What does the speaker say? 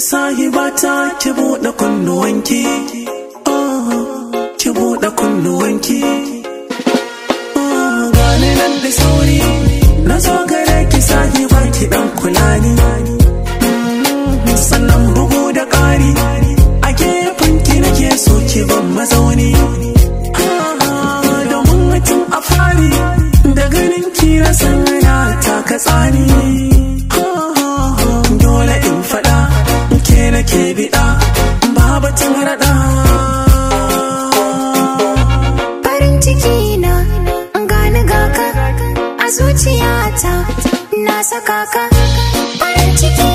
sahibata ki buɗe kunnuwanki ah, ki buɗe kunnuwanki ah, gani nan da sauri na zo gare ki sahiba ki dan kula ni sannan bugu da ƙari a gefen ki nake so ki ban mazauni ah, domin mutum a fari da ganin ki na sanya ta ka tsari. Сакака, как пальчики.